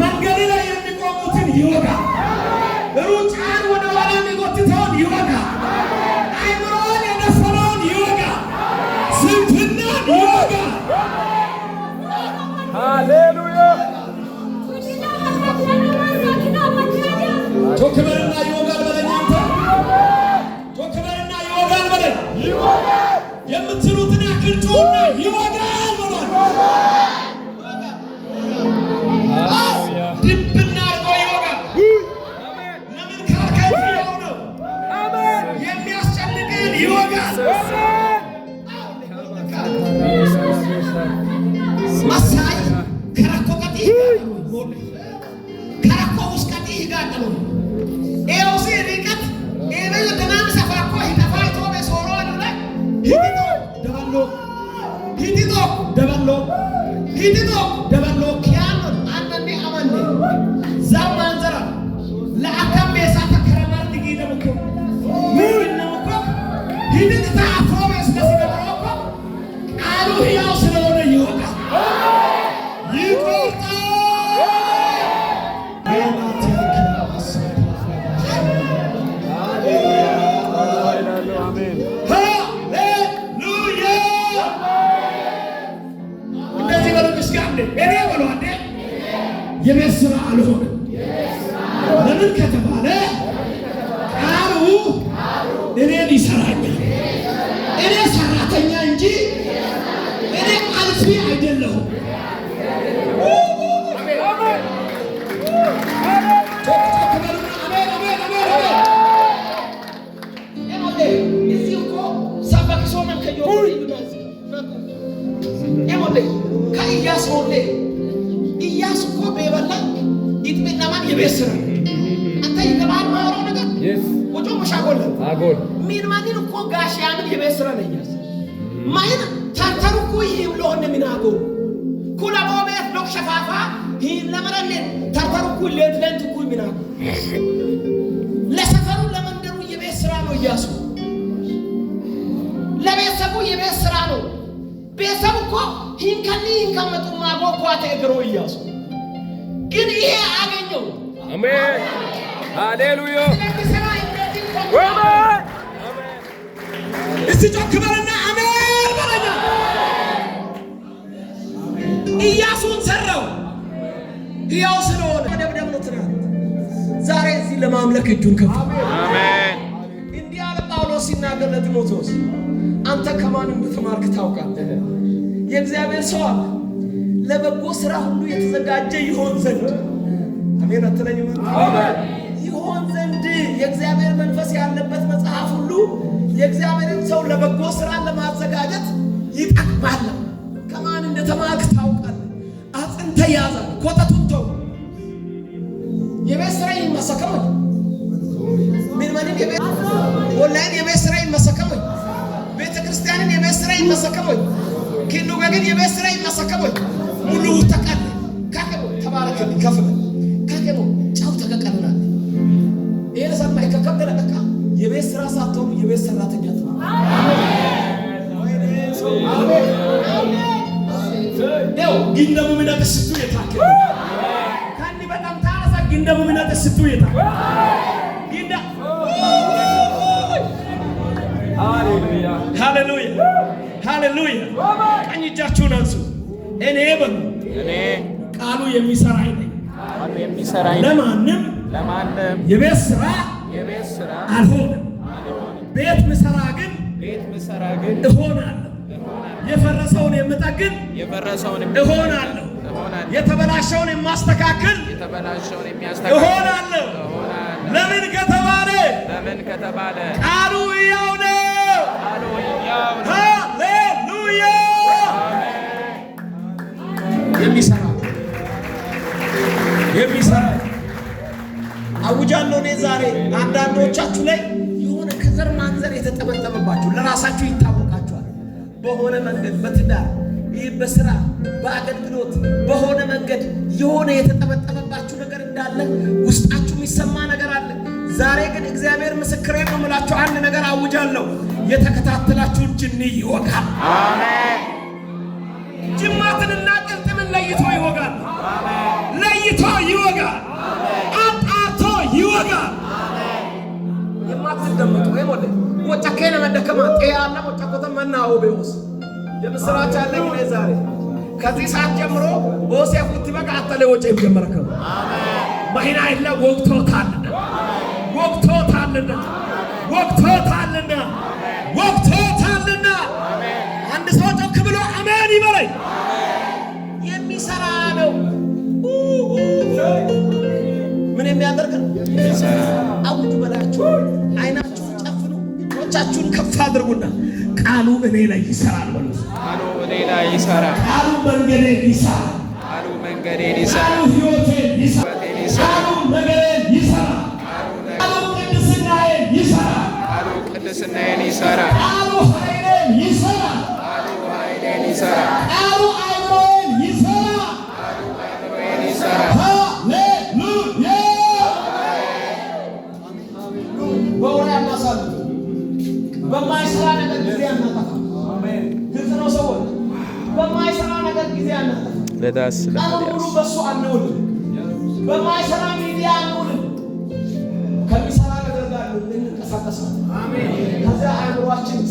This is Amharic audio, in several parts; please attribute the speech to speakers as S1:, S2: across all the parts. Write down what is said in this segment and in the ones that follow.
S1: መንገድ ላይ የሚቆሙትን ይወጋ፣ ሩጫን ወደ ኋላ የሚጎትተውን ይወጋ፣ አይምሮን የደፈረውን ይወጋ፣ ስንፍናን ይወጋ።
S2: ሃሌሉያ
S1: ቶክበርና ይወጋል በለኝ፣ አንተ ቶክበርና ይወጋል በለኝ። የምትሉትን ያክል ጩና ይወጋል በሏል። 一定多。የቤት ስራ አልሆነ። ለምን ከተባለ ጋሽ ያምን የቤት ስራ ነኝ ማይን ተርተሩኩ ይህም ለሆነ ሚናጎ ኩላ ቤት ሎክ ሸፋፋ ይህም ለመረኔ ለት ለንት ኩ ሚናጎ ለሰፈሩ ለመንደሩ የቤት ስራ ነው እያሱ ለቤተሰቡ የቤት ስራ ነው። ቤተሰቡ እኮ ይንከኒ ይንከመጡ ማጎ እኳ ተግሮ እያሱ ግን ይሄ አገኘው።
S2: አሜን ሃሌሉያ
S1: እስቲ ጮክ በልና አሜን በለኛ። ኢያሱን ሰራው ሕያው ስለሆነ ደብደብ ትናንት። ዛሬ እዚህ ለማምለክ እጁን ከፍ አሜን። እንዲህ አለ ጳውሎስ ሲናገር ለጢሞቴዎስ አንተ ከማን ብትማርክ ታውቃለህ? የእግዚአብሔር ሰው ለበጎ ስራ ሁሉ የተዘጋጀ ይሆን ዘንድ አሜን አትለኝ ይሆን ዘንድ የእግዚአብሔር መንፈስ ያለበት መጽሐፍ ሁሉ የእግዚአብሔርን ሰው ለበጎ ስራ ለማዘጋጀት ይጠቅማል። ከማን እንደተማርክ ታውቃለህ። አጽንተ ያዘ ኮተቱን ተው። የቤት ስራ ይመሰከም ምን ማለት የቤት ኦንላይን የቤት ስራ ይመሰከም ቤተ ክርስቲያንን የቤት ስራ ይመሰከም ኪንዱ ግን የቤት ስራ ይመሰከም ሙሉ ተቀለ ካከሙ ተባረከ ከፍለ ካከሙ ጫው ተቀቀልና ይሄ ሰማይ ከከበረ በቃ የቤት ስራ ሳት ግንደሙ ምነቅስቱ የታከ ከኒ በጣም ታረሳ ግንደሙ ምነቅስቱ የታከ ግንዳ ሃሌሉያ ሃሌሉያ ሃሌሉያ ቀኝ እጃችሁን አንሱ። እኔ በሉ እኔ ቃሉ የሚሰራኝ ነኝ። ቃሉ ለማንም ለማንም የቤት ስራ የቤት ስራ አልሆንም። ቤት ምሰራ ግን ቤት ምሰራ ግን እሆናለሁ የፈረሰውን የምጠግን የፈረሰውን እሆናለሁ። የተበላሸውን የማስተካከል የተበላሸውን እሆናለሁ። ለምን ከተባለ ለምን ከተባለ ቃሉ ያው ነው። ሃሌሉያ የሚሰራ የሚሰራ አውጃለሁ እኔ ዛሬ አንዳንዶቻችሁ ላይ በሆነ መንገድ በትዳር ይህ በስራ በአገልግሎት በሆነ መንገድ የሆነ የተጠበጠበባችሁ ነገር እንዳለ ውስጣችሁ የሚሰማ ነገር አለ። ዛሬ ግን እግዚአብሔር ምስክሬ ነው የምላችሁ አንድ ነገር አውጃለሁ። የተከታተላችሁን ጅኒ ይወጋል። አሜን። ጅማትንና ቅልጥምን ለይቶ ይወጋል። ለይቶ ይወጋል። አጣቶ ይወጋል። የማትደመጡ ወይ ወጨኬነ መደከማ ጤያ ጤያለ ወጨኮተ መናሁ ቤውስ የምስራች አለ ግን ዛሬ ከዚህ ሰዓት ጀምሮ ዮሴፍ በቃ አተለ ወጨ ይጀመርከው መኪና የለ ወግቶታልና ወግቶታልና ወግቶታልና ወግቶታልና አንድ ሰው ጮክ ብሎ አሜን ይበለኝ። የሚሰራ ነው። ምን የሚያደርግ ነው? አውጁ በላችሁ አይና እጆቻችሁን ከፍ አድርጉና ቃሉ እኔ ላይ ይሰራል በሉ።
S2: ቃሉ እኔ ላይ ይሰራል። ቃሉ
S1: መንገዴ ይሰራል። ቃሉ መንገዴ ይሰራል። ቃሉ ህይወቴ ይሰራል። ቃሉ መንገዴ ይሰራል። ቃሉ ቅድስናዬን ይሰራል። ቃሉ ቅድስናዬን ይሰራል። ቃሉ ኃይሌ ይሰራል። ለዳስ ለሃዲያስ በሱ አንውል፣ በማይሰራ ሚዲያ አንውል። ከሚሰራ ነገር ጋር እንንቀሳቀስ። ከዚያ አእምሯችን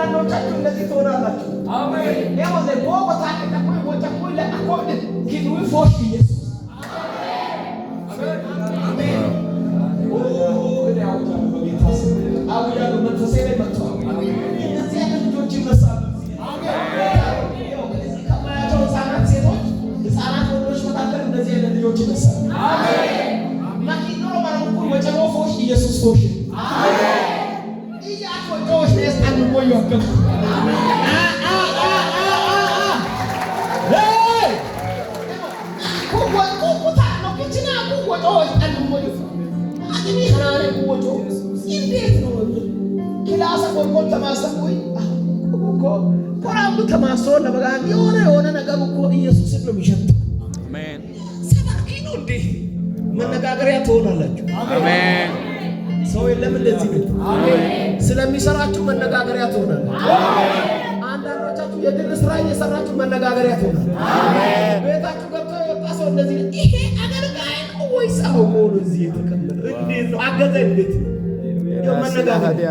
S1: አንዳንዶቻችሁ እንደዚህ ትሆናላችሁ። ተማሰብኩኝ እኮ ኮራሉ ተማስሮ ለበጋ የሆነ የሆነ ነገር እኮ ኢየሱስን ነው የሚሸጥ ሰባኪ ነው እንዴ? መነጋገሪያ ትሆናላችሁ። አሜን። ሰው የለም እንደዚህ ነው። ስለሚሰራችሁ መነጋገሪያ ትሆናላችሁ። አንዳንዶቻችሁ የግል ስራ እየሰራችሁ መነጋገሪያ ትሆናላችሁ። ቤታችሁ ገብቶ የወጣ ሰው እንደዚህ ይሄ አገልጋይ ነው ወይስ አሁን ነው እዚህ የተቀመጠ? እንዴት ነው አገዘ? እንዴት ነው መነጋገሪያ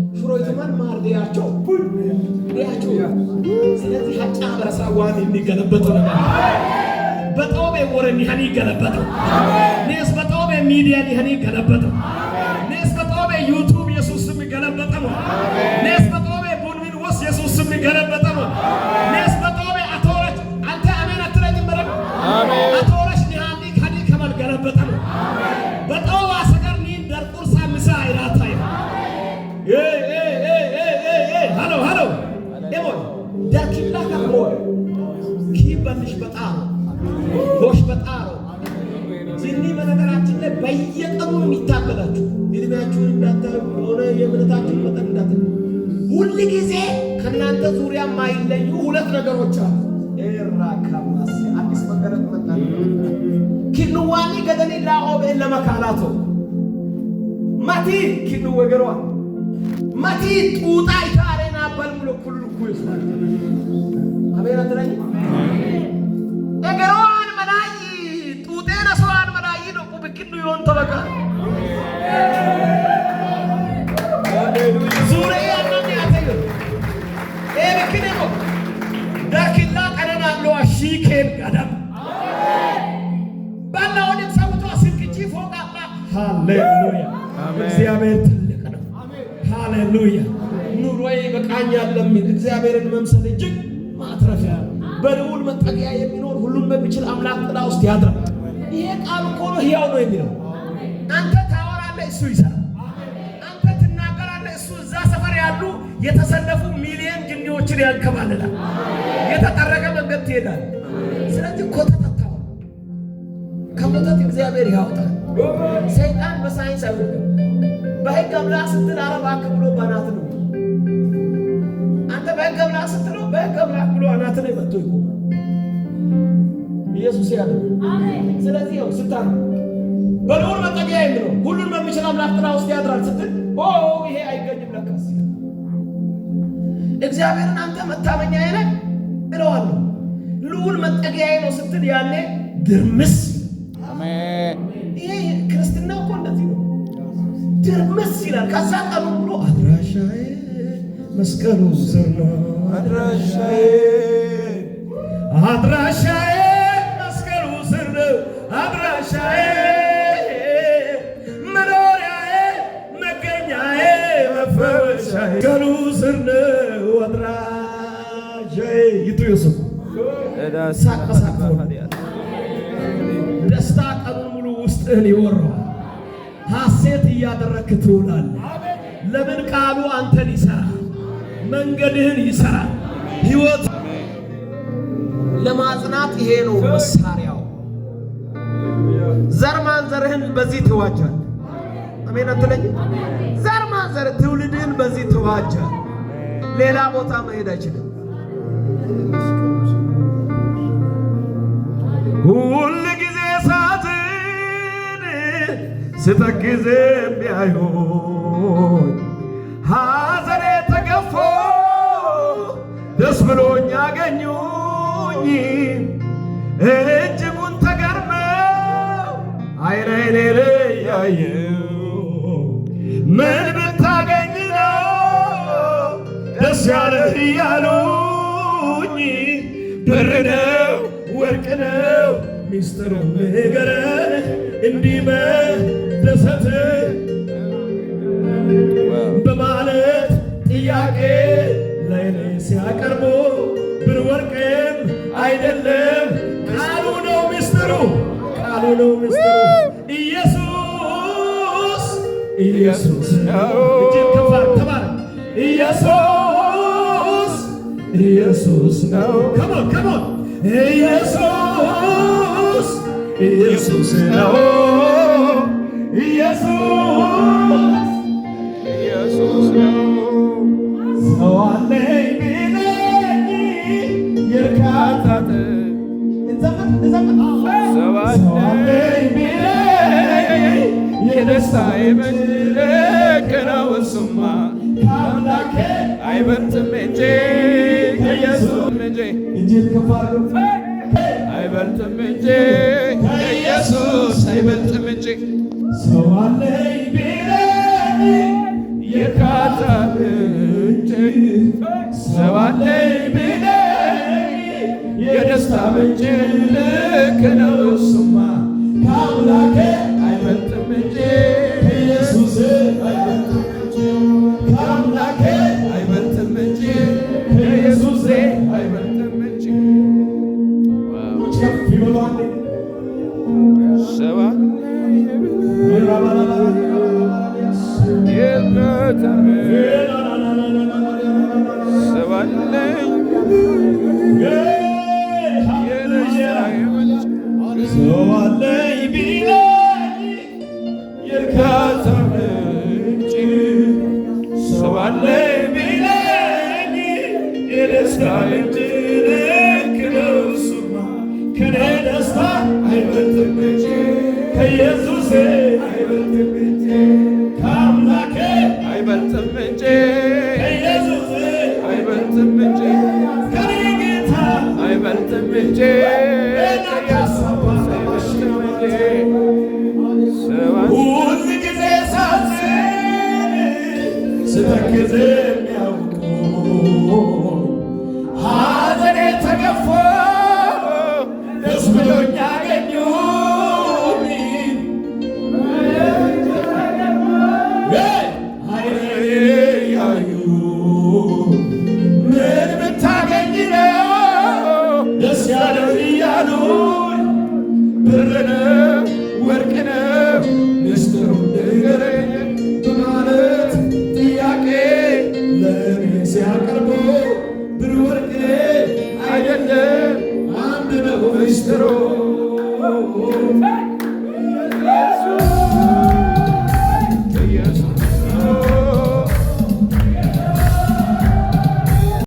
S1: ሽሮይቱማን ማርዲያቸው ያቸው ስለዚህ ሀጫ በረሳ ዋን የሚገለበጡ ነበር በጣም የወረ ኒህን ይገለበጡ ኔስ በጣም የሚዲያ ኒህን ይገለበጡ ኔስ በጣም የዩቱብ የሱስ ስም ይገለበጠ ነው ኔስ በጣም የቡድሚን ወስ የሱስ ስም ነው ጊዜ ከእናንተ ዙሪያ ማይለዩ ሁለት ነገሮች አሉ። ራካማስ አዲስ መገለጥ መጣ ኪንዋኒ ገደኒ ላኦብን ለመካላቶ መቲ ኪኑ ወገሯ መቲ ጡጣ ይታሬና በልሙሎ ኩሉ ኩል አሜን አትለኝ ነገሯን መዳይ ጡጤነ ሰዋን መዳይ ነው ብክኑ ይሆን ተበቃ ይብቀደም። ባላውን ሰውቶ አስንቅጂ ፎቃማ ሃሌሉያ። እግዚአብሔር ትልቅ ነው። ሃሌሉያ። ኑሮዬ ይበቃኛል ለሚል እግዚአብሔርን መምሰል እጅግ ማትረፊያ በልዑል መጠጊያ የሚኖር ሁሉም በሚችል አምላክ ጥላ ውስጥ ያድራል። ይሄ ቃል እኮ ነው፣ ሕያው ነው የሚለው አንተ ታወራለህ፣ እሱ ይሰራል። አንተ ትናገራለህ፣ እሱ እዛ ሰፈር ያሉ የተሰለፉ ሚሊየን ድንጋዮችን ያንከባልላል። የተጠረገ መንገድ ትሄዳል። ስለዚህ እኮ ተፈታ። ከሞተት እግዚአብሔር ያውጣል። ሰይጣን በሳይንስ አይወቅም። በሕግ አምላክ ስትል አረባክ ብሎ በአናት ነው። አንተ በሕግ አምላክ ስትለው በሕግ አምላክ ብሎ አናት ነው መጥቶ ይቆማል። ኢየሱስ ያለ ስለዚህ ው ስታ በልዑል መጠጊያ የምለው ሁሉን በሚችል አምላክ ጥላ ውስጥ ያድራል ስትል ይሄ አይገኝም ለካስ እግዚአብሔርን አንተ መታመኛዬ ነህ እለዋለሁ። ልዑል መጠጊያዬ ነው ስትል ያኔ ድርምስ። ይሄ ክርስትና እኮ እንደዚህ ነው፣ ድርምስ ይላል። ከዛ ቀኑ ብሎ አድራሻዬ መስቀሉ ስር ነው፣ አድራሻዬ አድራሻዬ መስቀሉ ስር ነው፣ አድራሻዬ መኖሪያዬ መገኛዬ መፈወሻዬ መስቀሉ ስር ነው፣ አድራሻዬ ይቱ ዮሴፍ ደስታ ቀኑን ሙሉ ውስጥህን ይወረዋል። ሐሴት እያደረግህ ትውላለህ። ለምን ቃሉ አንተን ይሠራል፣ መንገድህን ይሠራል። ሕይወት ለማጽናት ይሄ ነው መሳሪያው። ዘር ማንዘርህን በዚህ ትዋጃል። አሜን አትለኝ። ዘር ማንዘር ትውልድህን በዚህ ትዋጃል። ሌላ ቦታ መሄድ አይችልም። ሁል ጊዜ እሳትን ስተግዝ ቢያዩኝ ሐዘኔ ተገፎ ደስ ብሎኝ ያገኙኝ እጅጉን ተገርመው አይን አይኔ ምን ብታገኝ ነው ደስ ያለህ አውኝ ብር ነው ወርቅ ነው ሚስጥሩ ንገረ እንዲመደሰት በማለት ጥያቄ ላይ ሲያቀርቡ ብር ወርቅም አይደለም ቃሉ ነው ሚስጥሩ ቃሉ ነው ሚስጥሩ ኢየሱስ ኢየሱስ ነው። እጅ ተባረ ኢየሱስ ኢየሱስ ነው ኢየሱስ ኢየሱስ ነው ኢየሱስ ነው ሰው አለኝ ቢለኝ ይርካታል ሰው አለኝ የደስታዬ ነው እሱማ አምላኬ አይበልጥም እንጂ ኢየሱስ አይበልጥም እንጂ ሰው አለኝ ቢለኝ የካዳም ምንጭ ሰው አለኝ ቢለኝ የደስታ ምንጭ ልክ ነው እሱማ ከአምላኬ ሰው አለኝ ቢለኝ የርካታ ምንጭ ሰው አለኝ የደስታ ምንጭ ልክ ነው እሱማ ከኔ ደስታ አይበልጥም እንጂ ከኢየሱሴ አይበልጥም እንጂ ከአምላኬ አይበልጥም እንጂ ከኢየሱሴ አይበልጥም እንጂ ከኔ ጌታ አይበልጥም እንጂ it.